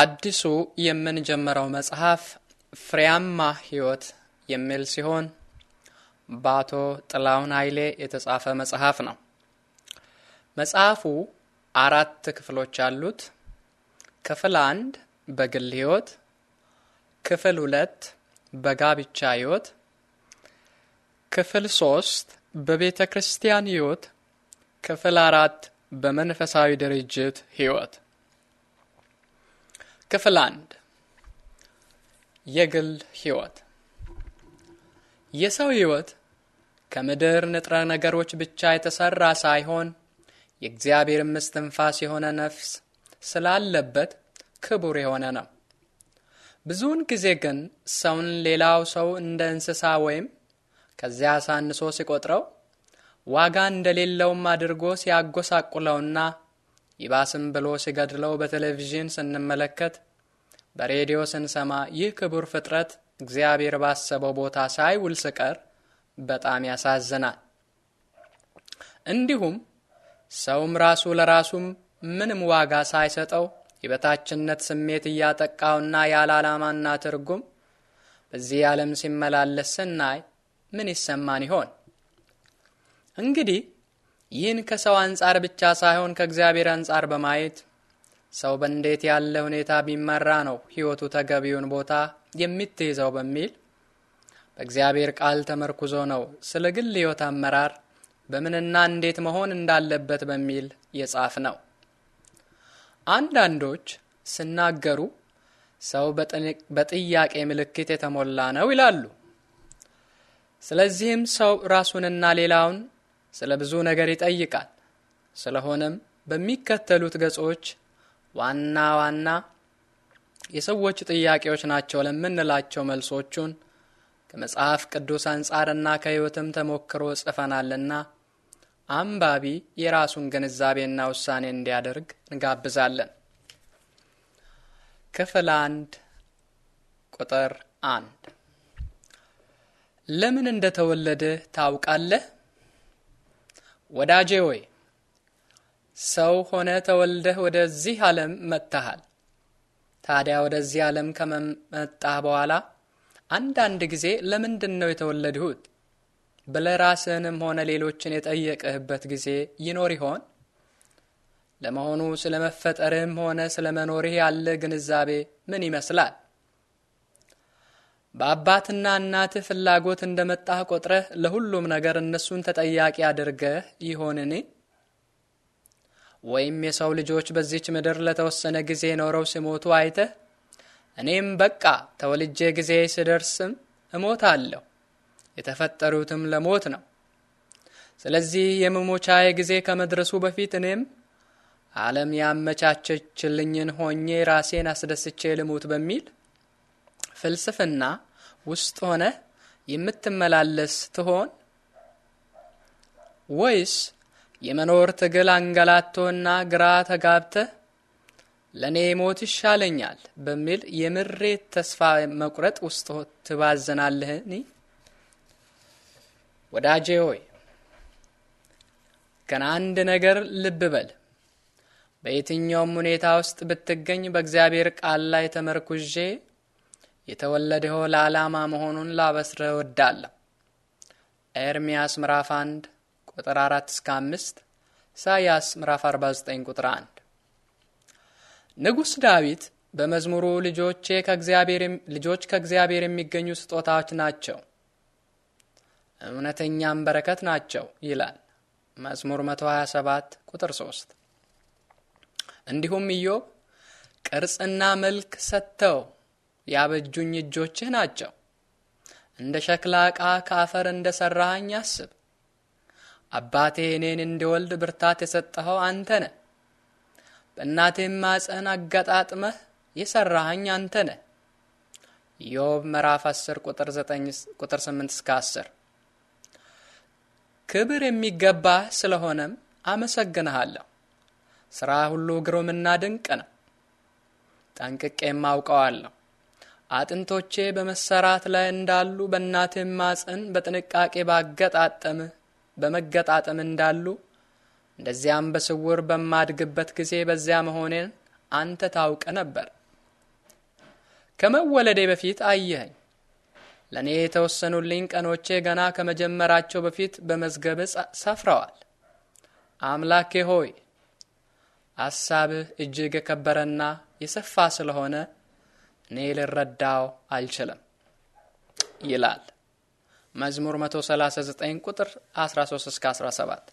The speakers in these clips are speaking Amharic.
አዲሱ የምንጀምረው መጽሐፍ ፍሬያማ ሕይወት የሚል ሲሆን በአቶ ጥላውን ኃይሌ የተጻፈ መጽሐፍ ነው። መጽሐፉ አራት ክፍሎች አሉት። ክፍል አንድ በግል ሕይወት፣ ክፍል ሁለት በጋብቻ ሕይወት፣ ክፍል ሶስት በቤተ ክርስቲያን ሕይወት፣ ክፍል አራት በመንፈሳዊ ድርጅት ሕይወት ክፍል አንድ የግል ህይወት የሰው ህይወት ከምድር ንጥረ ነገሮች ብቻ የተሰራ ሳይሆን የእግዚአብሔር እስትንፋስ የሆነ ነፍስ ስላለበት ክቡር የሆነ ነው። ብዙውን ጊዜ ግን ሰውን ሌላው ሰው እንደ እንስሳ ወይም ከዚያ አሳንሶ ሲቆጥረው ዋጋ እንደሌለውም አድርጎ ሲያጎሳቁለውና ይባስም ብሎ ሲገድለው በቴሌቪዥን ስንመለከት፣ በሬዲዮ ስንሰማ ይህ ክቡር ፍጥረት እግዚአብሔር ባሰበው ቦታ ሳይውል ስቀር በጣም ያሳዝናል። እንዲሁም ሰውም ራሱ ለራሱም ምንም ዋጋ ሳይሰጠው የበታችነት ስሜት እያጠቃውና ያለ ዓላማና ትርጉም በዚህ ዓለም ሲመላለስ ስናይ ምን ይሰማን ይሆን? እንግዲህ ይህን ከሰው አንጻር ብቻ ሳይሆን ከእግዚአብሔር አንጻር በማየት ሰው በእንዴት ያለ ሁኔታ ቢመራ ነው ሕይወቱ ተገቢውን ቦታ የምትይዘው በሚል በእግዚአብሔር ቃል ተመርኩዞ ነው ስለ ግል ሕይወት አመራር በምንና እንዴት መሆን እንዳለበት በሚል የጻፍ ነው። አንዳንዶች ስናገሩ ሰው በጥያቄ ምልክት የተሞላ ነው ይላሉ። ስለዚህም ሰው ራሱንና ሌላውን ስለ ብዙ ነገር ይጠይቃል። ስለሆነም በሚከተሉት ገጾች ዋና ዋና የሰዎች ጥያቄዎች ናቸው ለምንላቸው መልሶቹን ከመጽሐፍ ቅዱስ አንጻርና ከሕይወትም ተሞክሮ ጽፈናልና አንባቢ የራሱን ግንዛቤና ውሳኔ እንዲያደርግ እንጋብዛለን። ክፍል አንድ ቁጥር አንድ ለምን እንደተወለደ ታውቃለህ? ወዳጄ ወይ ሰው ሆነ ተወልደህ ወደዚህ ዓለም መጥተሃል። ታዲያ ወደዚህ ዓለም ከመጣህ በኋላ አንዳንድ ጊዜ ለምንድን ነው የተወለድሁት ብለ ራስህንም ሆነ ሌሎችን የጠየቅህበት ጊዜ ይኖር ይሆን? ለመሆኑ ስለ መፈጠርህም ሆነ ስለ መኖርህ ያለ ግንዛቤ ምን ይመስላል? በአባትና እናትህ ፍላጎት እንደመጣህ ቆጥረህ ለሁሉም ነገር እነሱን ተጠያቂ አድርገህ ይሆንን? ወይም የሰው ልጆች በዚች ምድር ለተወሰነ ጊዜ ኖረው ሲሞቱ አይተህ እኔም በቃ ተወልጄ ጊዜ ስደርስም እሞታለሁ፣ የተፈጠሩትም ለሞት ነው፣ ስለዚህ የመሞቻዬ ጊዜ ከመድረሱ በፊት እኔም ዓለም ያመቻቸችልኝን ሆኜ ራሴን አስደስቼ ልሙት በሚል ፍልስፍና ውስጥ ሆነ የምትመላለስ ትሆን ወይስ የመኖር ትግል አንገላቶና ግራ ተጋብተህ ለእኔ ሞት ይሻለኛል በሚል የምሬት ተስፋ መቁረጥ ውስጥ ትባዘናለህኒ? ወዳጄ ሆይ ገና አንድ ነገር ልብ በል። በየትኛውም ሁኔታ ውስጥ ብትገኝ በእግዚአብሔር ቃል ላይ ተመርኩዤ የተወለደው ለዓላማ መሆኑን ላበስረ እወዳለሁ። ኤርምያስ ምዕራፍ 1 ቁጥር 4 እስከ 5፣ ኢሳይያስ ምዕራፍ 49 ቁጥር 1። ንጉሥ ዳዊት በመዝሙሩ ልጆቼ ከእግዚአብሔር ልጆች ከእግዚአብሔር የሚገኙ ስጦታዎች ናቸው እውነተኛም በረከት ናቸው ይላል መዝሙር 127 ቁጥር 3። እንዲሁም ኢዮብ ቅርጽና መልክ ሰጥተው ያበጁኝ እጆችህ ናቸው። እንደ ሸክላ ዕቃ ከአፈር እንደ ሠራኸኝ አስብ። አባቴ እኔን እንዲወልድ ብርታት የሰጠኸው አንተ ነህ። በእናቴም ማፀን አጋጣጥመህ የሠራኸኝ አንተ ነህ። ኢዮብ ምዕራፍ 10 ቁጥር 9 ቁጥር 8 እስከ 10። ክብር የሚገባህ ስለሆነም አመሰግንሃለሁ። ሥራ ሁሉ ግሩምና ድንቅ ነው። ጠንቅቄም አውቀዋለሁ። አጥንቶቼ በመሰራት ላይ እንዳሉ በእናቴም ማጽን በጥንቃቄ ባገጣጠም በመገጣጠም እንዳሉ እንደዚያም በስውር በማድግበት ጊዜ በዚያ መሆኔን አንተ ታውቀ ነበር። ከመወለዴ በፊት አየኸኝ። ለእኔ የተወሰኑልኝ ቀኖቼ ገና ከመጀመራቸው በፊት በመዝገብ ሰፍረዋል። አምላኬ ሆይ አሳብህ እጅግ የከበረና የሰፋ ስለሆነ እኔ ልረዳው አልችልም ይላል። መዝሙር 139 ቁጥር 13 እስከ 17።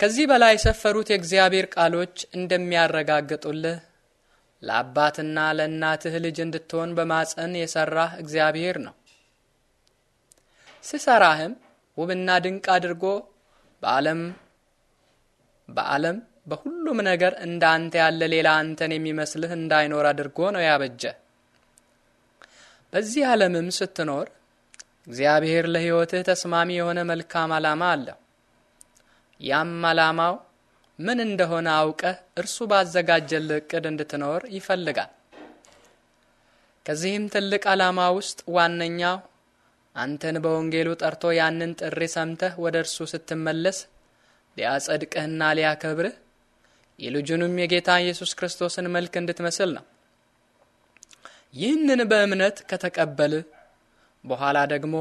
ከዚህ በላይ የሰፈሩት የእግዚአብሔር ቃሎች እንደሚያረጋግጡልህ ለአባትና ለእናትህ ልጅ እንድትሆን በማፀን የሰራህ እግዚአብሔር ነው። ሲሰራህም ውብና ድንቅ አድርጎ በዓለም በዓለም በሁሉም ነገር እንዳንተ ያለ ሌላ አንተን የሚመስልህ እንዳይኖር አድርጎ ነው ያበጀ። በዚህ ዓለምም ስትኖር እግዚአብሔር ለሕይወትህ ተስማሚ የሆነ መልካም ዓላማ አለው። ያም ዓላማው ምን እንደሆነ አውቀህ እርሱ ባዘጋጀልህ እቅድ እንድትኖር ይፈልጋል። ከዚህም ትልቅ ዓላማ ውስጥ ዋነኛው አንተን በወንጌሉ ጠርቶ ያንን ጥሪ ሰምተህ ወደ እርሱ ስትመለስ ሊያጸድቅህና ሊያከብርህ የልጁንም የጌታ ኢየሱስ ክርስቶስን መልክ እንድትመስል ነው። ይህንን በእምነት ከተቀበል በኋላ ደግሞ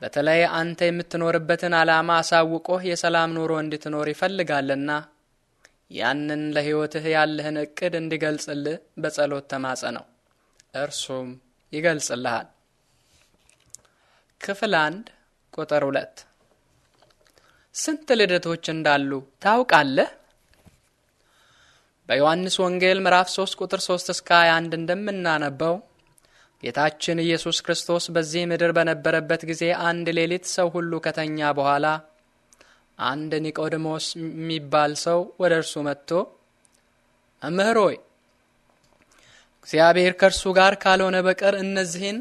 በተለይ አንተ የምትኖርበትን ዓላማ አሳውቆህ የሰላም ኑሮ እንድትኖር ይፈልጋልና ያንን ለሕይወትህ ያለህን እቅድ እንዲገልጽልህ በጸሎት ተማጸ ነው። እርሱም ይገልጽልሃል። ክፍል አንድ ቁጥር ሁለት ስንት ልደቶች እንዳሉ ታውቃለህ? በዮሐንስ ወንጌል ምዕራፍ 3 ቁጥር 3 እስከ 21 እንደምናነበው ጌታችን ኢየሱስ ክርስቶስ በዚህ ምድር በነበረበት ጊዜ አንድ ሌሊት ሰው ሁሉ ከተኛ በኋላ አንድ ኒቆዲሞስ የሚባል ሰው ወደ እርሱ መጥቶ መምህር ሆይ እግዚአብሔር ከእርሱ ጋር ካልሆነ በቀር እነዚህን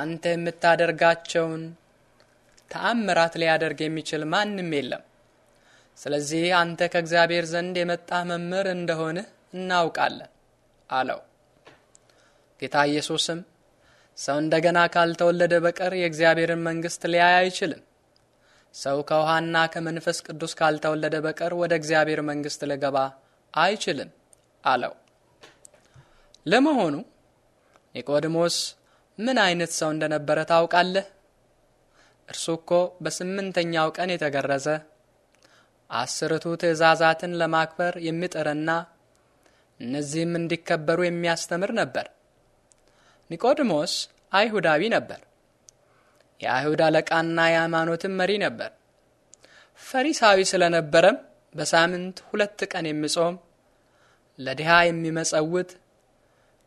አንተ የምታደርጋቸውን ተአምራት ሊያደርግ የሚችል ማንም የለም። ስለዚህ አንተ ከእግዚአብሔር ዘንድ የመጣ መምህር እንደሆነ እናውቃለን አለው። ጌታ ኢየሱስም ሰው እንደገና ካልተወለደ በቀር የእግዚአብሔርን መንግሥት ሊያይ አይችልም። ሰው ከውሃና ከመንፈስ ቅዱስ ካልተወለደ በቀር ወደ እግዚአብሔር መንግሥት ሊገባ አይችልም አለው። ለመሆኑ ኒቆዲሞስ ምን አይነት ሰው እንደነበረ ታውቃለህ? እርሱ እኮ በስምንተኛው ቀን የተገረዘ አስርቱ ትእዛዛትን ለማክበር የሚጥርና እነዚህም እንዲከበሩ የሚያስተምር ነበር። ኒቆዲሞስ አይሁዳዊ ነበር። የአይሁድ አለቃና የሃይማኖትም መሪ ነበር። ፈሪሳዊ ስለነበረም በሳምንት ሁለት ቀን የሚጾም ለድሃ የሚመጸውት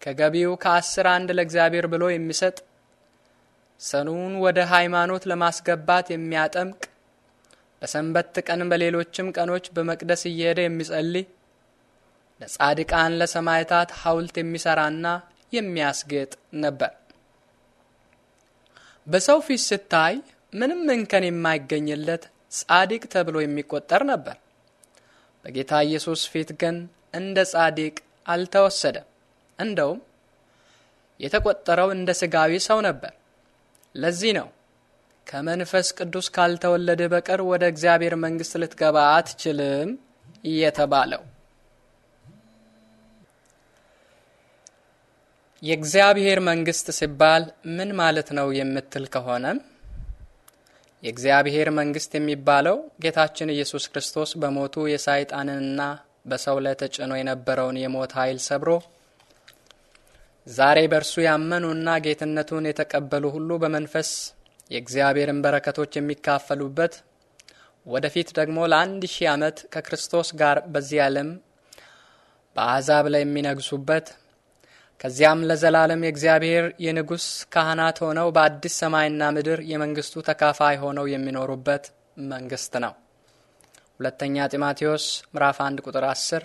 ከገቢው ከአስር አንድ ለእግዚአብሔር ብሎ የሚሰጥ ሰኑን ወደ ሃይማኖት ለማስገባት የሚያጠምቅ በሰንበት ቀን በሌሎችም ቀኖች በመቅደስ እየሄደ የሚጸልይ ለጻድቃን ለሰማዕታት ሐውልት የሚሰራና የሚያስጌጥ ነበር። በሰው ፊት ስታይ ምንም እንከን የማይገኝለት ጻድቅ ተብሎ የሚቆጠር ነበር። በጌታ ኢየሱስ ፊት ግን እንደ ጻድቅ አልተወሰደም። እንደውም የተቆጠረው እንደ ሥጋዊ ሰው ነበር። ለዚህ ነው ከመንፈስ ቅዱስ ካልተወለደ በቀር ወደ እግዚአብሔር መንግሥት ልትገባ አትችልም የተባለው የእግዚአብሔር መንግሥት ሲባል ምን ማለት ነው የምትል ከሆነ የእግዚአብሔር መንግሥት የሚባለው ጌታችን ኢየሱስ ክርስቶስ በሞቱ የሳይጣንንና በሰው ላይ ተጭኖ የነበረውን የሞት ኃይል ሰብሮ ዛሬ በእርሱ ያመኑና ጌትነቱን የተቀበሉ ሁሉ በመንፈስ የእግዚአብሔርን በረከቶች የሚካፈሉበት ወደፊት ደግሞ ለአንድ ሺህ ዓመት ከክርስቶስ ጋር በዚህ ዓለም በአሕዛብ ላይ የሚነግሱበት ከዚያም ለዘላለም የእግዚአብሔር የንጉሥ ካህናት ሆነው በአዲስ ሰማይና ምድር የመንግሥቱ ተካፋይ ሆነው የሚኖሩበት መንግሥት ነው። ሁለተኛ ጢማቴዎስ ምዕራፍ 1 ቁጥር 10፣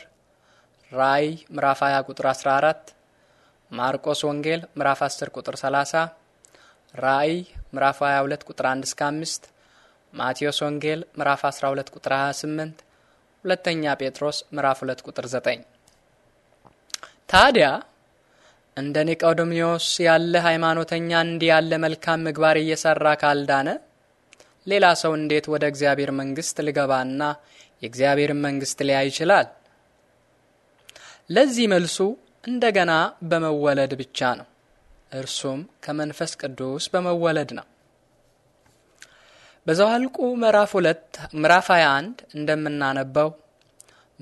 ራእይ ምዕራፍ 20 ቁጥር 14፣ ማርቆስ ወንጌል ምዕራፍ 10 ቁጥር 30 ራእይ ምዕራፍ 22 ቁጥር 1 እስከ 5፣ ማቴዎስ ወንጌል ምዕራፍ 12 ቁጥር 28፣ ሁለተኛ ጴጥሮስ ምዕራፍ 2 ቁጥር 9። ታዲያ እንደ ኒቆዶሚዎስ ያለ ሃይማኖተኛ እንዲህ ያለ መልካም ምግባር እየሰራ ካልዳነ ሌላ ሰው እንዴት ወደ እግዚአብሔር መንግስት ልገባና የእግዚአብሔርን መንግስት ሊያይ ይችላል? ለዚህ መልሱ እንደገና በመወለድ ብቻ ነው። እርሱም ከመንፈስ ቅዱስ በመወለድ ነው። በዘኍልቍ ምዕራፍ ሁለት ምዕራፍ 21 እንደምናነበው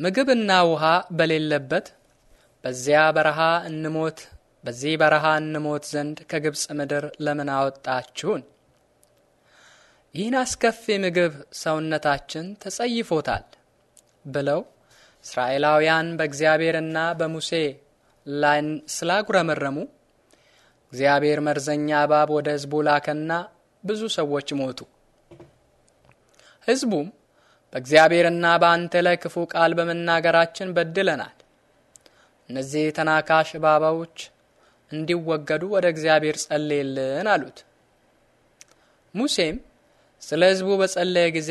ምግብና ውሃ በሌለበት በዚያ በረሃ እንሞት በዚህ በረሃ እንሞት ዘንድ ከግብፅ ምድር ለምን አወጣችሁን? ይህን አስከፊ ምግብ ሰውነታችን ተጸይፎታል ብለው እስራኤላውያን በእግዚአብሔርና በሙሴ ላይ ስላጉረመረሙ እግዚአብሔር መርዘኛ እባብ ወደ ሕዝቡ ላከና ብዙ ሰዎች ሞቱ። ሕዝቡም በእግዚአብሔርና በአንተ ላይ ክፉ ቃል በመናገራችን በድለናል፣ እነዚህ ተናካሽ እባቦች እንዲወገዱ ወደ እግዚአብሔር ጸልይልን አሉት። ሙሴም ስለ ሕዝቡ በጸለየ ጊዜ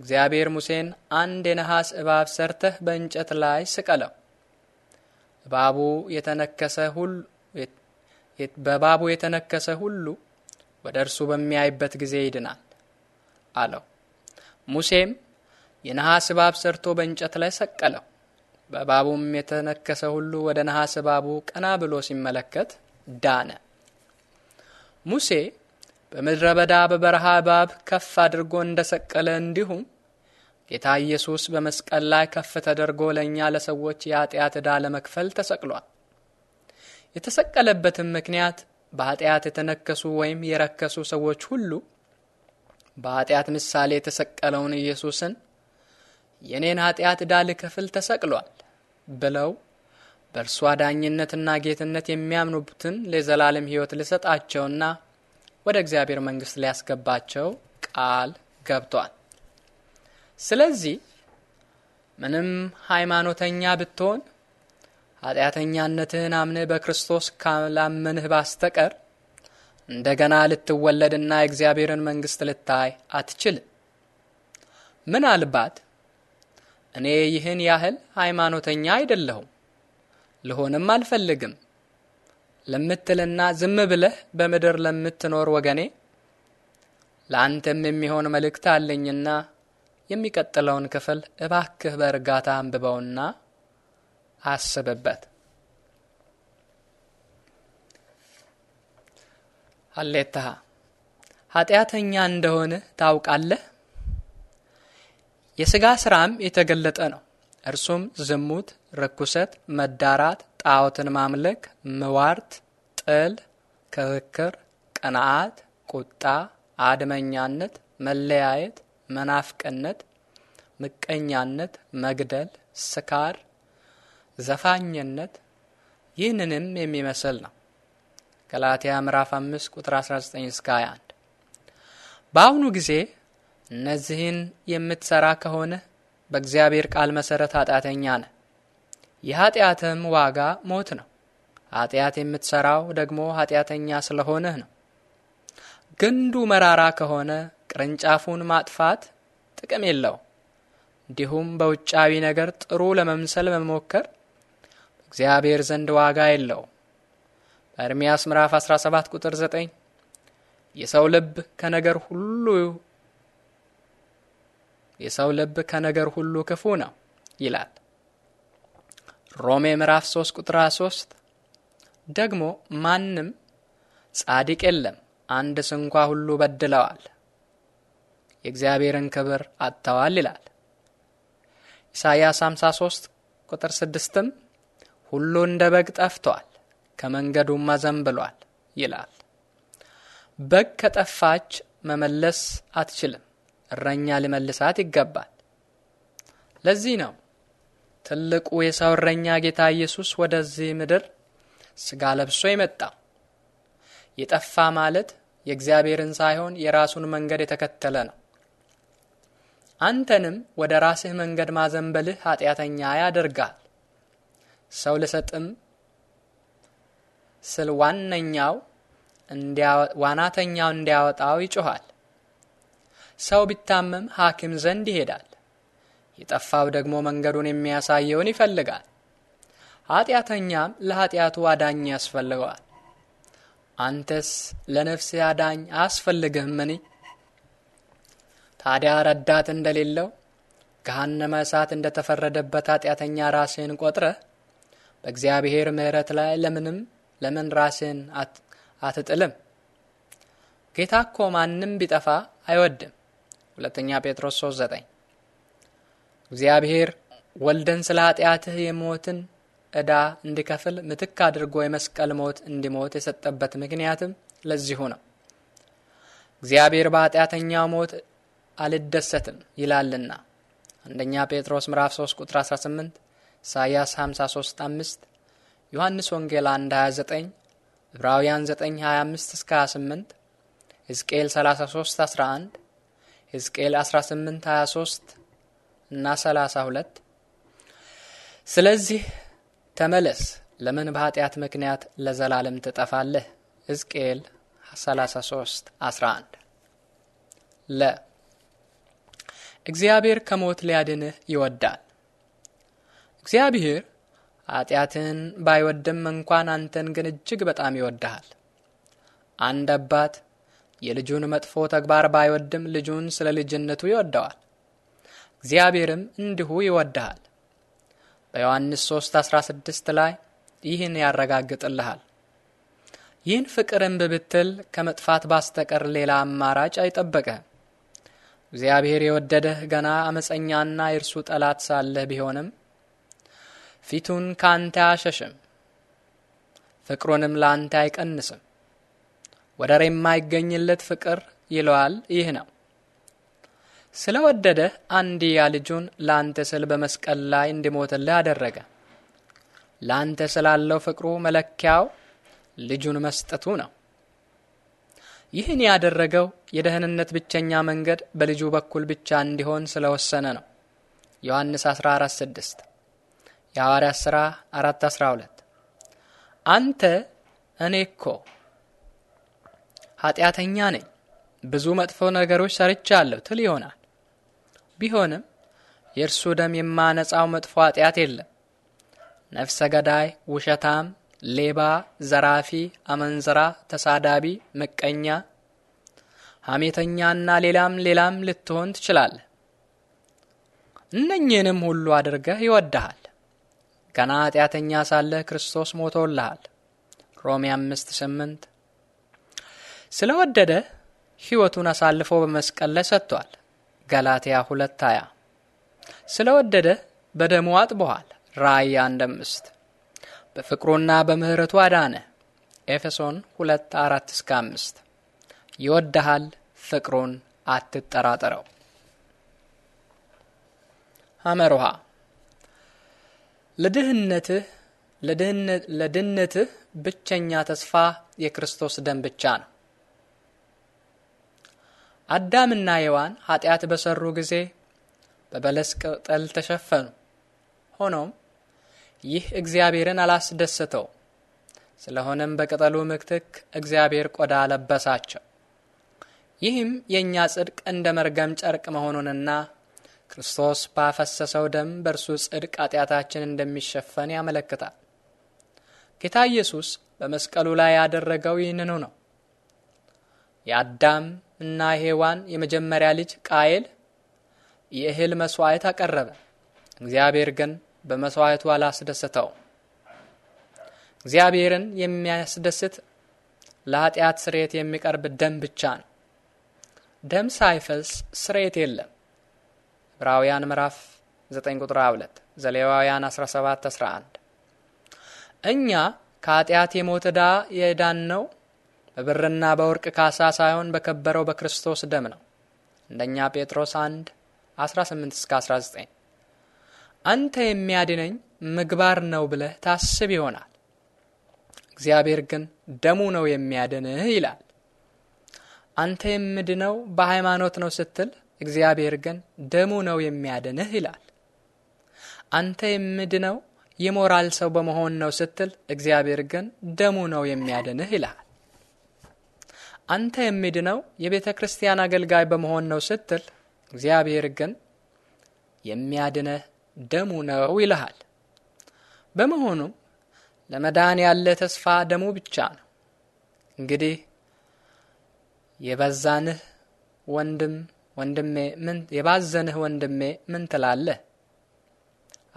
እግዚአብሔር ሙሴን አንድ የነሐስ እባብ ሰርተህ በእንጨት ላይ ስቀለው፣ እባቡ የተነከሰ ሁሉ በባቡ የተነከሰ ሁሉ ወደ እርሱ በሚያይበት ጊዜ ይድናል አለው። ሙሴም የነሐስ እባብ ሰርቶ በእንጨት ላይ ሰቀለው። በእባቡም የተነከሰ ሁሉ ወደ ነሐስ እባቡ ቀና ብሎ ሲመለከት ዳነ። ሙሴ በምድረ በዳ በበረሃ እባብ ከፍ አድርጎ እንደ ሰቀለ እንዲሁም ጌታ ኢየሱስ በመስቀል ላይ ከፍ ተደርጎ ለእኛ ለሰዎች የኃጢአት ዕዳ ለመክፈል ተሰቅሏል። የተሰቀለበትም ምክንያት በኃጢአት የተነከሱ ወይም የረከሱ ሰዎች ሁሉ በኃጢአት ምሳሌ የተሰቀለውን ኢየሱስን የእኔን ኃጢአት ዕዳ ሊከፍል ተሰቅሏል ብለው በእርሱ አዳኝነትና ጌትነት የሚያምኑትን ለዘላለም ሕይወት ሊሰጣቸውና ወደ እግዚአብሔር መንግሥት ሊያስገባቸው ቃል ገብቷል። ስለዚህ ምንም ሃይማኖተኛ ብትሆን ኃጢአተኛነትህን አምነህ በክርስቶስ ካላመንህ ባስተቀር እንደገና ልትወለድና የእግዚአብሔርን መንግሥት ልታይ አትችልም። ምናልባት እኔ ይህን ያህል ሃይማኖተኛ አይደለሁም ልሆንም አልፈልግም ለምትልና ዝም ብለህ በምድር ለምትኖር ወገኔ ለአንተም የሚሆን መልእክት አለኝና የሚቀጥለውን ክፍል እባክህ በእርጋታ አንብበውና አሰበበት። አሌታ ኃጢአተኛ እንደሆነ ታውቃለህ። የሥጋ ሥራም የተገለጠ ነው። እርሱም ዝሙት፣ ርኩሰት፣ መዳራት፣ ጣዖትን ማምለክ፣ ምዋርት፣ ጥል፣ ክርክር፣ ቅንዓት፣ ቁጣ፣ አድመኛነት፣ መለያየት፣ መናፍቅነት፣ ምቀኛነት፣ መግደል፣ ስካር፣ ዘፋኝነት ይህንንም የሚመስል ነው። ገላትያ ምዕራፍ 5 ቁጥር 19 እስከ 21። በአሁኑ ጊዜ እነዚህን የምትሰራ ከሆነ በእግዚአብሔር ቃል መሰረት ኃጢአተኛ ነ። የኃጢአትም ዋጋ ሞት ነው። ኃጢአት የምትሰራው ደግሞ ኃጢአተኛ ስለሆነህ ነው። ግንዱ መራራ ከሆነ ቅርንጫፉን ማጥፋት ጥቅም የለው። እንዲሁም በውጫዊ ነገር ጥሩ ለመምሰል መሞከር እግዚአብሔር ዘንድ ዋጋ የለው። በኤርምያስ ምዕራፍ 17 ቁጥር 9 የሰው ልብ ከነገር ሁሉ የሰው ልብ ከነገር ሁሉ ክፉ ነው ይላል። ሮሜ ምዕራፍ 3 ቁጥር 3 ደግሞ ማንም ጻድቅ የለም አንድ ስንኳ ሁሉ በድለዋል፣ የእግዚአብሔርን ክብር አጥተዋል ይላል። ኢሳይያስ 53 ቁጥር 6ም ሁሉ እንደ በግ ጠፍቷል፣ ከመንገዱም አዘንብሏል ይላል። በግ ከጠፋች መመለስ አትችልም፣ እረኛ ሊመልሳት ይገባል። ለዚህ ነው ትልቁ የሰው እረኛ ጌታ ኢየሱስ ወደዚህ ምድር ስጋ ለብሶ የመጣው። የጠፋ ማለት የእግዚአብሔርን ሳይሆን የራሱን መንገድ የተከተለ ነው። አንተንም ወደ ራስህ መንገድ ማዘንበልህ ኃጢአተኛ ያደርጋል። ሰው ልሰጥም ስል ዋነኛው ዋናተኛው እንዲያወጣው ይጮኋል። ሰው ቢታመም ሐኪም ዘንድ ይሄዳል። የጠፋው ደግሞ መንገዱን የሚያሳየውን ይፈልጋል። ኃጢአተኛም ለኃጢአቱ አዳኝ ያስፈልገዋል። አንተስ ለነፍስ አዳኝ አያስፈልግህምን? ታዲያ ረዳት እንደሌለው ገሃነመ እሳት እንደተፈረደበት ኃጢአተኛ ራስህን ቆጥረህ በእግዚአብሔር ምሕረት ላይ ለምንም ለምን ራስን አትጥልም? ጌታ እኮ ማንም ቢጠፋ አይወድም። ሁለተኛ ጴጥሮስ 3 9 እግዚአብሔር ወልደን ስለ ኃጢአትህ የሞትን ዕዳ እንዲከፍል ምትክ አድርጎ የመስቀል ሞት እንዲሞት የሰጠበት ምክንያትም ለዚሁ ነው። እግዚአብሔር በኃጢአተኛ ሞት አልደሰትም ይላልና አንደኛ ጴጥሮስ ምዕራፍ 3 ቁጥር 18 ኢሳይያስ 53 5 ዮሐንስ ወንጌል 1 29 ዕብራውያን 9 25 እስከ 28 ሕዝቅኤል 33 11 ሕዝቅኤል 18 23 እና 32 ስለዚህ ተመለስ፣ ለምን በኃጢአት ምክንያት ለዘላለም ትጠፋለህ? ሕዝቅኤል 33 11 ለ እግዚአብሔር ከሞት ሊያድንህ ይወዳል። እግዚአብሔር ኃጢአትህን ባይወድም እንኳን አንተን ግን እጅግ በጣም ይወድሃል። አንድ አባት የልጁን መጥፎ ተግባር ባይወድም ልጁን ስለ ልጅነቱ ይወደዋል። እግዚአብሔርም እንዲሁ ይወድሃል። በዮሐንስ 3 16 ላይ ይህን ያረጋግጥልሃል። ይህን ፍቅርን ብብትል ከመጥፋት ባስተቀር ሌላ አማራጭ አይጠበቀ እግዚአብሔር የወደደህ ገና አመፀኛና የእርሱ ጠላት ሳለህ ቢሆንም ፊቱን ካንተ አያሸሽም፣ ፍቅሩንም ላንተ አይቀንስም። ወደር የማይገኝለት ፍቅር ይለዋል ይህ ነው። ስለ ወደደህ አንድያ ልጁን ላንተ ስል በመስቀል ላይ እንዲሞትልህ አደረገ። ላንተ ስላለው ፍቅሩ መለኪያው ልጁን መስጠቱ ነው። ይህን ያደረገው የደህንነት ብቸኛ መንገድ በልጁ በኩል ብቻ እንዲሆን ስለወሰነ ነው። ዮሐንስ 14 6 የሐዋርያት ሥራ 4 12 አንተ እኔ እኮ ኃጢአተኛ ነኝ ብዙ መጥፎ ነገሮች ሰርቻለሁ ትል ይሆናል። ቢሆንም የእርሱ ደም የማነጻው መጥፎ ኃጢአት የለም። ነፍሰ ገዳይ፣ ውሸታም፣ ሌባ፣ ዘራፊ፣ አመንዝራ፣ ተሳዳቢ፣ ምቀኛ፣ ሐሜተኛና ሌላም ሌላም ልትሆን ትችላለህ። እነኚህንም ሁሉ አድርገህ ይወድሃል። ገና ኃጢአተኛ ሳለህ ክርስቶስ ሞቶልሃል። ሮሜ አምስት ስምንት ስለ ወደደ ሕይወቱን አሳልፎ በመስቀል ላይ ሰጥቷል። ገላትያ ሁለት ሀያ ስለ ወደደ በደሙ አጥበኋል። ራእይ አንድ አምስት በፍቅሩና በምሕረቱ አዳነ። ኤፌሶን ሁለት አራት እስከ አምስት ይወድሃል። ፍቅሩን አትጠራጠረው። አመሮሃ ለድህነትህ ለድህነትህ ብቸኛ ተስፋ የክርስቶስ ደም ብቻ ነው። አዳምና ሔዋን ኃጢአት በሰሩ ጊዜ በበለስ ቅጠል ተሸፈኑ። ሆኖም ይህ እግዚአብሔርን አላስደሰተው። ስለሆነም በቅጠሉ ምትክ እግዚአብሔር ቆዳ ለበሳቸው። ይህም የእኛ ጽድቅ እንደ መርገም ጨርቅ መሆኑንና ክርስቶስ ባፈሰሰው ደም በእርሱ ጽድቅ ኃጢአታችን እንደሚሸፈን ያመለክታል። ጌታ ኢየሱስ በመስቀሉ ላይ ያደረገው ይህንኑ ነው። የአዳም እና ሔዋን የመጀመሪያ ልጅ ቃየል የእህል መስዋዕት አቀረበ። እግዚአብሔር ግን በመስዋዕቱ አላስደሰተው። እግዚአብሔርን የሚያስደስት ለኃጢአት ስርየት የሚቀርብ ደም ብቻ ነው። ደም ሳይፈስ ስርየት የለም። ዕብራውያን ምዕራፍ 9 ቁጥር 2 ዘሌዋውያን 17 11 እኛ ከኃጢአት የሞት ዕዳ የዳን ነው በብርና በወርቅ ካሳ ሳይሆን በከበረው በክርስቶስ ደም ነው። አንደኛ ጴጥሮስ 1 18 እስከ 19 አንተ የሚያድነኝ ምግባር ነው ብለህ ታስብ ይሆናል። እግዚአብሔር ግን ደሙ ነው የሚያድንህ ይላል። አንተ የምድነው በሃይማኖት ነው ስትል እግዚአብሔር ግን ደሙ ነው የሚያድንህ ይላል። አንተ የምድነው የሞራል ሰው በመሆን ነው ስትል፣ እግዚአብሔር ግን ደሙ ነው የሚያድንህ ይላል። አንተ የምድነው የቤተ ክርስቲያን አገልጋይ በመሆን ነው ስትል፣ እግዚአብሔር ግን የሚያድንህ ደሙ ነው ይልሃል። በመሆኑም ለመዳን ያለ ተስፋ ደሙ ብቻ ነው። እንግዲህ የበዛንህ ወንድም ወንድሜ ምን የባዘንህ ወንድሜ ምን ትላለህ?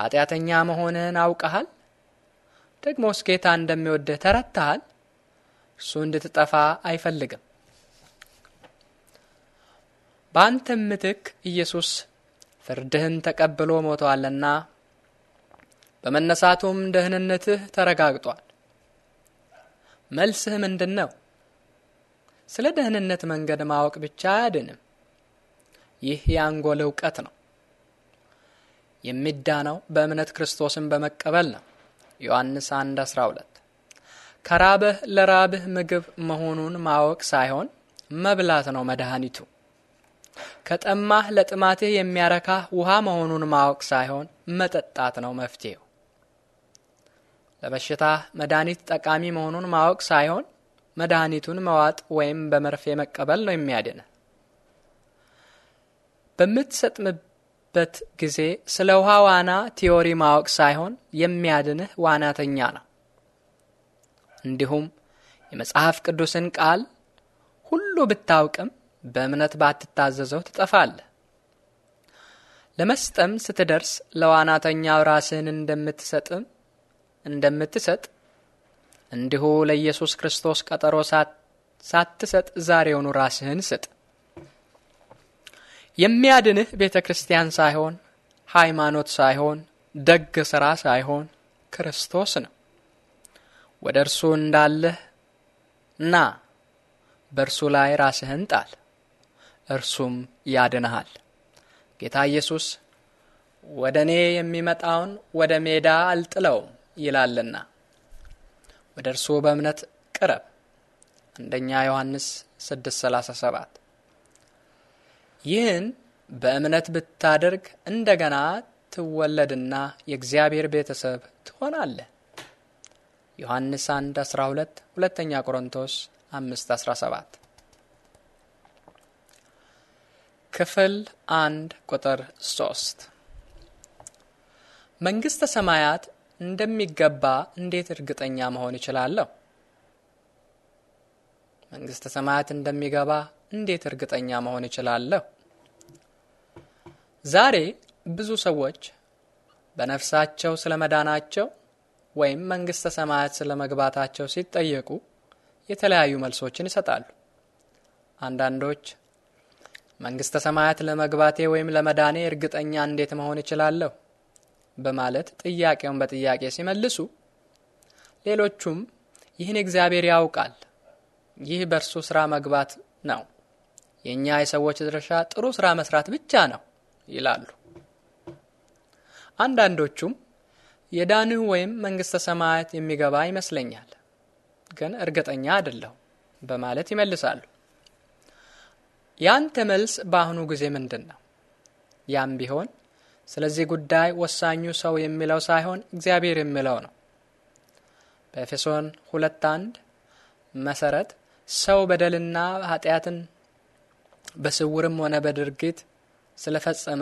ኃጢአተኛ መሆንህን አውቀሃል። ደግሞስ ጌታ እንደሚወድህ ተረታሃል? እሱ እንድትጠፋ አይፈልግም። በአንተ ምትክ ኢየሱስ ፍርድህን ተቀብሎ ሞተዋልና በመነሳቱም ደህንነትህ ተረጋግጧል። መልስህ ምንድን ነው? ስለ ደህንነት መንገድ ማወቅ ብቻ አያድንም። ይህ የአንጎል እውቀት ነው። የሚዳነው በእምነት ክርስቶስን በመቀበል ነው። ዮሐንስ 1 12 ከራብህ ለራብህ ምግብ መሆኑን ማወቅ ሳይሆን መብላት ነው መድኃኒቱ። ከጠማህ ለጥማትህ የሚያረካህ ውሃ መሆኑን ማወቅ ሳይሆን መጠጣት ነው መፍትሄው። ለበሽታህ መድኃኒት ጠቃሚ መሆኑን ማወቅ ሳይሆን መድኃኒቱን መዋጥ ወይም በመርፌ መቀበል ነው የሚያድንህ። በምትሰጥምበት ጊዜ ስለ ውሃ ዋና ቲዮሪ ማወቅ ሳይሆን የሚያድንህ ዋናተኛ ነው። እንዲሁም የመጽሐፍ ቅዱስን ቃል ሁሉ ብታውቅም በእምነት ባትታዘዘው ትጠፋለህ። ለመስጠም ስትደርስ ለዋናተኛው ራስህን እንደምትሰጥም እንደምትሰጥ እንዲሁ ለኢየሱስ ክርስቶስ ቀጠሮ ሳትሰጥ ዛሬውኑ ራስህን ስጥ። የሚያድንህ ቤተ ክርስቲያን ሳይሆን ሃይማኖት ሳይሆን ደግ ሥራ ሳይሆን ክርስቶስ ነው። ወደ እርሱ እንዳለህ ና በእርሱ ላይ ራስህን ጣል፣ እርሱም ያድንሃል። ጌታ ኢየሱስ ወደ እኔ የሚመጣውን ወደ ሜዳ አልጥለውም ይላልና ወደ እርሱ በእምነት ቅረብ። አንደኛ ዮሐንስ ሰባት። ይህን በእምነት ብታደርግ እንደገና ትወለድና የእግዚአብሔር ቤተሰብ ትሆናለህ። ዮሐንስ 1 12 ሁለተኛ ቆሮንቶስ 5 17 ክፍል 1 ቁጥር 3 መንግሥተ ሰማያት እንደሚገባ እንዴት እርግጠኛ መሆን እችላለሁ? መንግሥተ ሰማያት እንደሚገባ እንዴት እርግጠኛ መሆን እችላለሁ? ዛሬ ብዙ ሰዎች በነፍሳቸው ስለ መዳናቸው ወይም መንግሥተ ሰማያት ስለ መግባታቸው ሲጠየቁ የተለያዩ መልሶችን ይሰጣሉ። አንዳንዶች መንግሥተ ሰማያት ለመግባቴ ወይም ለመዳኔ እርግጠኛ እንዴት መሆን እችላለሁ? በማለት ጥያቄውን በጥያቄ ሲመልሱ፣ ሌሎቹም ይህን እግዚአብሔር ያውቃል፣ ይህ በእርሱ ሥራ መግባት ነው፣ የእኛ የሰዎች ድርሻ ጥሩ ሥራ መሥራት ብቻ ነው ይላሉ። አንዳንዶቹም የዳንሁ ወይም መንግስተ ሰማያት የሚገባ ይመስለኛል፣ ግን እርግጠኛ አይደለሁም በማለት ይመልሳሉ። ያንተ መልስ በአሁኑ ጊዜ ምንድን ነው? ያም ቢሆን ስለዚህ ጉዳይ ወሳኙ ሰው የሚለው ሳይሆን እግዚአብሔር የሚለው ነው። በኤፌሶን ሁለት አንድ መሰረት ሰው በደልና ኃጢአትን በስውርም ሆነ በድርጊት ስለፈጸመ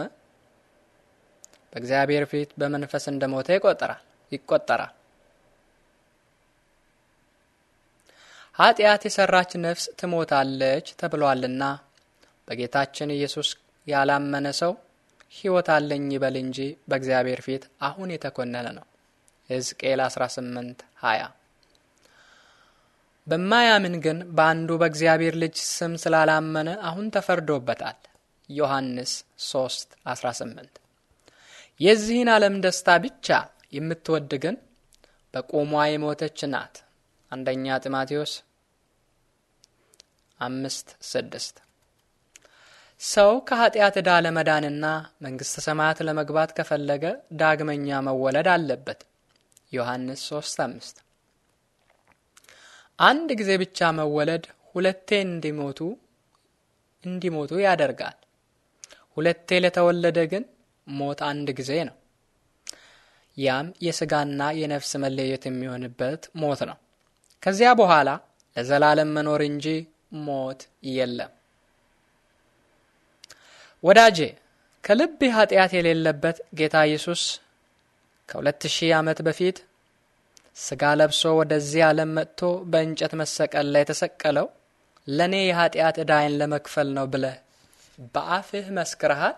በእግዚአብሔር ፊት በመንፈስ እንደሞተ ይቆጠራል ይቆጠራል። ኃጢአት የሰራች ነፍስ ትሞታለች ተብሏልና በጌታችን ኢየሱስ ያላመነ ሰው ሕይወት አለኝ ይበል እንጂ በእግዚአብሔር ፊት አሁን የተኮነነ ነው። ሕዝቅኤል 18 20 በማያምን ግን በአንዱ በእግዚአብሔር ልጅ ስም ስላላመነ አሁን ተፈርዶበታል። ዮሐንስ 3 18 የዚህን ዓለም ደስታ ብቻ የምትወድ ግን በቁሟ የሞተች ናት። አንደኛ ጢሞቴዎስ አምስት ስድስት ሰው ከኃጢአት ዕዳ ለመዳንና መንግሥተ ሰማያት ለመግባት ከፈለገ ዳግመኛ መወለድ አለበት። ዮሐንስ 3 5 አንድ ጊዜ ብቻ መወለድ ሁለቴ እንዲሞቱ እንዲሞቱ ያደርጋል። ሁለቴ ለተወለደ ግን ሞት አንድ ጊዜ ነው። ያም የስጋና የነፍስ መለየት የሚሆንበት ሞት ነው። ከዚያ በኋላ ለዘላለም መኖር እንጂ ሞት የለም። ወዳጄ ከልብ ኃጢአት የሌለበት ጌታ ኢየሱስ ከሁለት ሺህ ዓመት በፊት ስጋ ለብሶ ወደዚህ ዓለም መጥቶ በእንጨት መሰቀል ላይ የተሰቀለው ለእኔ የኃጢአት ዕዳይን ለመክፈል ነው ብለህ በአፍህ መስክረሃል፣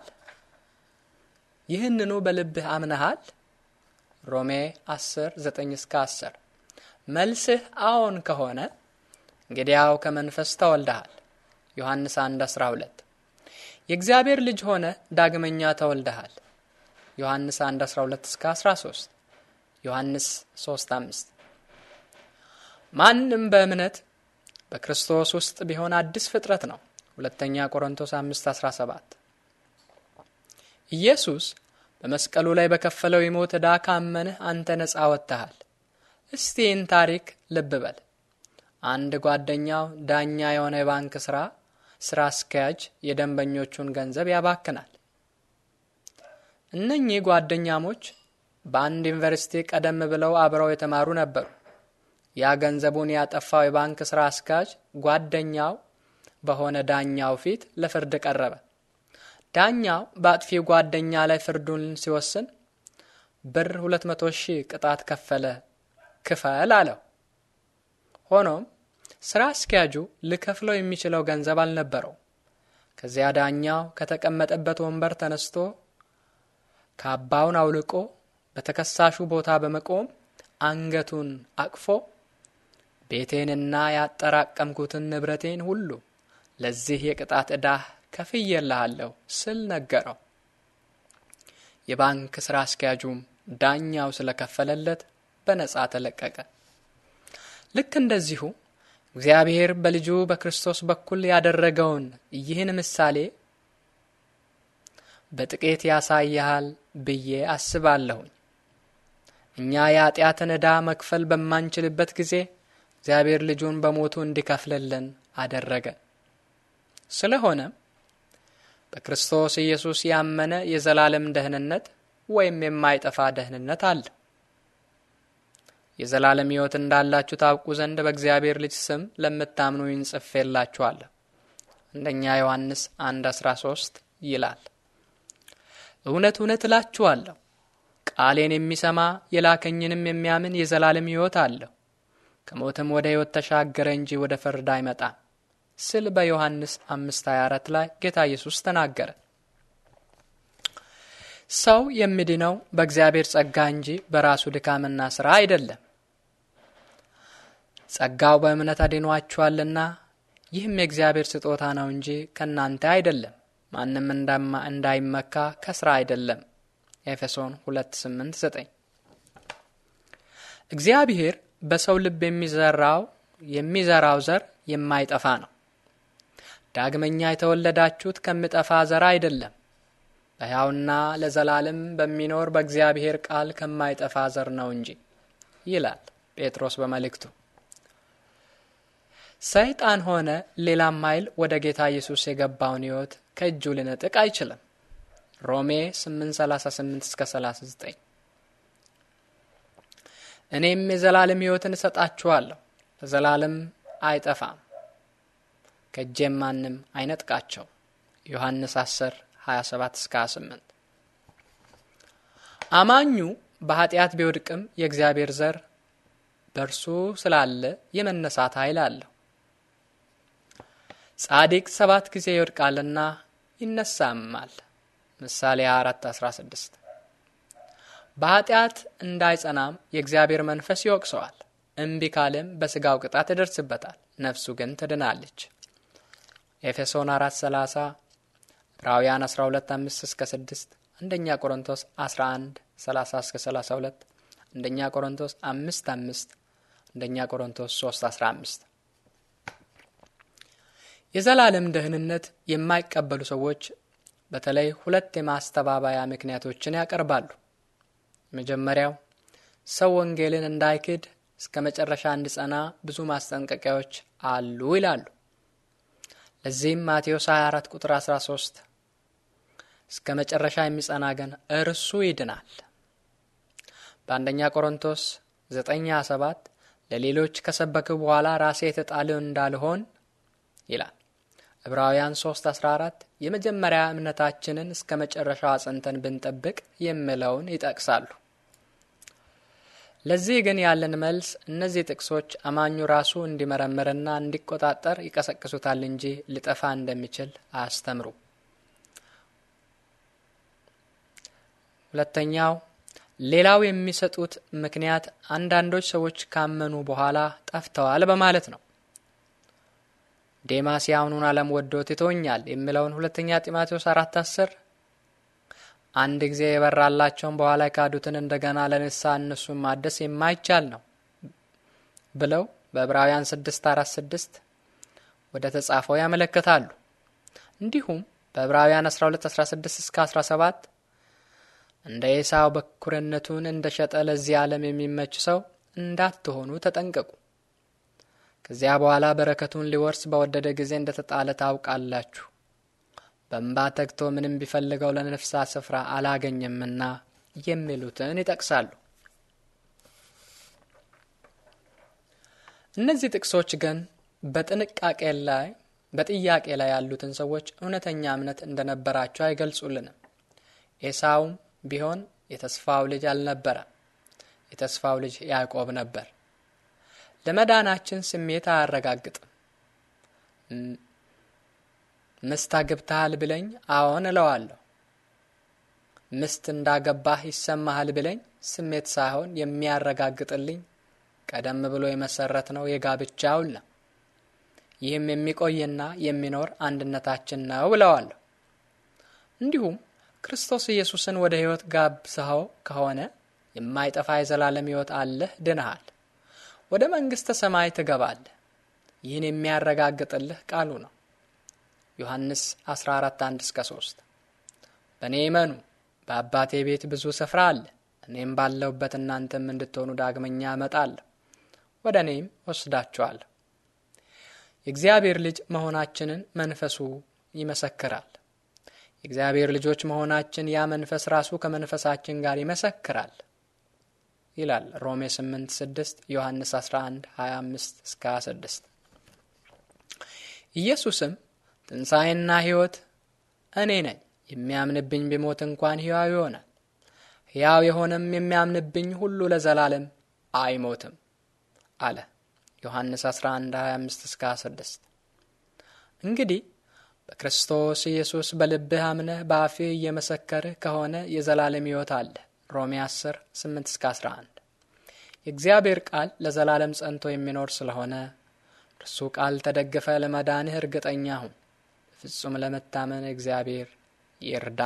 ይህንኑ በልብህ አምነሃል። ሮሜ 10 9 እስከ 10 መልስህ አዎን ከሆነ እንግዲያው ከመንፈስ ተወልደሃል። ዮሐንስ 1 12 የእግዚአብሔር ልጅ ሆነ ዳግመኛ ተወልደሃል። ዮሐንስ 1 12 እስከ 13 ዮሐንስ 3 5 ማንም በእምነት በክርስቶስ ውስጥ ቢሆን አዲስ ፍጥረት ነው። ሁለተኛ ቆሮንቶስ 5 17 ኢየሱስ በመስቀሉ ላይ በከፈለው የሞት ዕዳ ካመንህ አንተ ነፃ ወጥተሃል። እስቲ ይህን ታሪክ ልብ በል። አንድ ጓደኛው ዳኛ የሆነ የባንክ ሥራ ሥራ አስኪያጅ የደንበኞቹን ገንዘብ ያባክናል። እነኚህ ጓደኛሞች በአንድ ዩኒቨርሲቲ ቀደም ብለው አብረው የተማሩ ነበሩ። ያ ገንዘቡን ያጠፋው የባንክ ሥራ አስኪያጅ ጓደኛው በሆነ ዳኛው ፊት ለፍርድ ቀረበ። ዳኛው በአጥፊው ጓደኛ ላይ ፍርዱን ሲወስን ብር ሁለት መቶ ሺህ ቅጣት ከፈለ ክፈል አለው። ሆኖም ስራ አስኪያጁ ልከፍለው የሚችለው ገንዘብ አልነበረው። ከዚያ ዳኛው ከተቀመጠበት ወንበር ተነስቶ ካባውን አውልቆ በተከሳሹ ቦታ በመቆም አንገቱን አቅፎ ቤቴንና ያጠራቀምኩትን ንብረቴን ሁሉ ለዚህ የቅጣት ዕዳህ ከፍዬልሃለሁ ስል ነገረው። የባንክ ሥራ አስኪያጁም ዳኛው ስለከፈለለት በነጻ ተለቀቀ። ልክ እንደዚሁ እግዚአብሔር በልጁ በክርስቶስ በኩል ያደረገውን ይህን ምሳሌ በጥቂት ያሳያል ብዬ አስባለሁኝ። እኛ የኃጢአትን ዕዳ መክፈል በማንችልበት ጊዜ እግዚአብሔር ልጁን በሞቱ እንዲከፍልልን አደረገ። ስለሆነ በክርስቶስ ኢየሱስ ያመነ የዘላለም ደህንነት ወይም የማይጠፋ ደህንነት አለ። የዘላለም ሕይወት እንዳላችሁ ታውቁ ዘንድ በእግዚአብሔር ልጅ ስም ለምታምኑ ይህን ጽፌላችኋለሁ። አንደኛ ዮሐንስ 1 13 ይላል። እውነት እውነት እላችኋለሁ ቃሌን የሚሰማ የላከኝንም የሚያምን የዘላለም ሕይወት አለው፣ ከሞትም ወደ ሕይወት ተሻገረ እንጂ ወደ ፍርድ አይመጣም። ስል በዮሐንስ 5:24 ላይ ጌታ ኢየሱስ ተናገረ። ሰው የሚድነው በእግዚአብሔር ጸጋ እንጂ በራሱ ድካምና ሥራ አይደለም። ጸጋው በእምነት አድኗችኋልና ይህም የእግዚአብሔር ስጦታ ነው እንጂ ከእናንተ አይደለም፣ ማንም እንዳይመካ ከሥራ አይደለም። ኤፌሶን የ289 እግዚአብሔር በሰው ልብ የሚዘራው የሚዘራው ዘር የማይጠፋ ነው። ዳግመኛ የተወለዳችሁት ከምጠፋ ዘር አይደለም፣ በሕያውና ለዘላለም በሚኖር በእግዚአብሔር ቃል ከማይጠፋ ዘር ነው እንጂ ይላል ጴጥሮስ በመልእክቱ። ሰይጣን ሆነ ሌላም ኃይል ወደ ጌታ ኢየሱስ የገባውን ሕይወት ከእጁ ሊነጥቅ አይችልም። ሮሜ 8:38 39 እኔም የዘላለም ሕይወትን እሰጣችኋለሁ፣ ለዘላለም አይጠፋም ከእጄም ማንም አይነጥቃቸው። ዮሐንስ 10 27 እስከ 28 አማኙ በኃጢአት ቢወድቅም የእግዚአብሔር ዘር በእርሱ ስላለ የመነሳት ኃይል አለው። ጻድቅ ሰባት ጊዜ ይወድቃልና ይነሳማል። ምሳሌ 24 16 በኃጢአት እንዳይጸናም የእግዚአብሔር መንፈስ ይወቅሰዋል። እምቢ ካለም በሥጋው ቅጣት ይደርስበታል፣ ነፍሱ ግን ትድናለች። ኤፌሶን 4 430 ዕብራውያን 5 እስከ 6 አንደኛ ቆሮንቶስ 11 30 እስከ 32 አንደኛ ቆሮንቶስ 5 5 አንደኛ ቆሮንቶስ 3 15 የዘላለም ደህንነት የማይቀበሉ ሰዎች በተለይ ሁለት የማስተባበያ ምክንያቶችን ያቀርባሉ። መጀመሪያው ሰው ወንጌልን እንዳይክድ እስከ መጨረሻ እንዲጸና ብዙ ማስጠንቀቂያዎች አሉ ይላሉ። ለዚህም ማቴዎስ 24 ቁጥር 13 እስከ መጨረሻ የሚጸና ግን እርሱ ይድናል። በአንደኛ ቆሮንቶስ 97 ለሌሎች ከሰበክ በኋላ ራሴ የተጣለ እንዳልሆን ይላል። ዕብራውያን 14 የመጀመሪያ እምነታችንን እስከ መጨረሻው አጽንተን ብንጠብቅ የሚለውን ይጠቅሳሉ። ለዚህ ግን ያለን መልስ እነዚህ ጥቅሶች አማኙ ራሱ እንዲመረምርና እንዲቆጣጠር ይቀሰቅሱታል እንጂ ሊጠፋ እንደሚችል አያስተምሩ። ሁለተኛው ሌላው የሚሰጡት ምክንያት አንዳንዶች ሰዎች ካመኑ በኋላ ጠፍተዋል በማለት ነው። ዴማስ የአሁኑን ዓለም ወዶ ትቶኛል የሚለውን ሁለተኛ ጢሞቴዎስ አራት አስር አንድ ጊዜ የበራላቸውን በኋላ የካዱትን እንደገና ለንሳ እነሱን ማደስ የማይቻል ነው ብለው በዕብራውያን 646 ወደ ተጻፈው ያመለክታሉ። እንዲሁም በዕብራውያን 1216 እስከ 17 እንደ ኤሳው በኩርነቱን እንደ ሸጠ ለዚህ ዓለም የሚመች ሰው እንዳትሆኑ ተጠንቀቁ። ከዚያ በኋላ በረከቱን ሊወርስ በወደደ ጊዜ እንደ ተጣለ ታውቃላችሁ። በእንባ ተግቶ ምንም ቢፈልገው ለነፍሳ ስፍራ አላገኘምና የሚሉትን ይጠቅሳሉ። እነዚህ ጥቅሶች ግን በጥንቃቄ ላይ በጥያቄ ላይ ያሉትን ሰዎች እውነተኛ እምነት እንደነበራቸው አይገልጹልንም። ኤሳውም ቢሆን የተስፋው ልጅ አልነበረ፣ የተስፋው ልጅ ያዕቆብ ነበር። ለመዳናችን ስሜት አያረጋግጥም። ምስት አግብተሃል ብለኝ አዎን እለዋለሁ። ምስት እንዳገባህ ይሰማሃል ብለኝ ስሜት ሳይሆን የሚያረጋግጥልኝ ቀደም ብሎ የመሰረት ነው የጋብቻ ውል ነው። ይህም የሚቆይና የሚኖር አንድነታችን ነው ብለዋለሁ። እንዲሁም ክርስቶስ ኢየሱስን ወደ ሕይወት ጋብዝኸው ከሆነ የማይጠፋ የዘላለም ሕይወት አለህ፣ ድንሃል ወደ መንግሥተ ሰማይ ትገባለህ። ይህን የሚያረጋግጥልህ ቃሉ ነው። ዮሐንስ 14 እስከ 3 በእኔ እመኑ፣ በአባቴ ቤት ብዙ ስፍራ አለ። እኔም ባለሁበት እናንተም እንድትሆኑ ዳግመኛ እመጣለሁ፣ ወደ እኔም ወስዳችኋለሁ። የእግዚአብሔር ልጅ መሆናችንን መንፈሱ ይመሰክራል። የእግዚአብሔር ልጆች መሆናችን ያ መንፈስ ራሱ ከመንፈሳችን ጋር ይመሰክራል ይላል ሮሜ 8 6 ዮሐንስ 11 25 እስከ 26 ኢየሱስም ትንሣኤና ሕይወት እኔ ነኝ። የሚያምንብኝ ቢሞት እንኳን ሕያው ይሆናል። ሕያው የሆነም የሚያምንብኝ ሁሉ ለዘላለም አይሞትም አለ። ዮሐንስ 11 25 እስከ 26። እንግዲህ በክርስቶስ ኢየሱስ በልብህ አምነህ በአፍህ እየመሰከርህ ከሆነ የዘላለም ሕይወት አለ። ሮሜ 10 8 እስከ 11። የእግዚአብሔር ቃል ለዘላለም ጸንቶ የሚኖር ስለሆነ እርሱ ቃል ተደግፈ ለመዳንህ እርግጠኛ ሁን። ፍጹም ለመታመን እግዚአብሔር ይርዳ።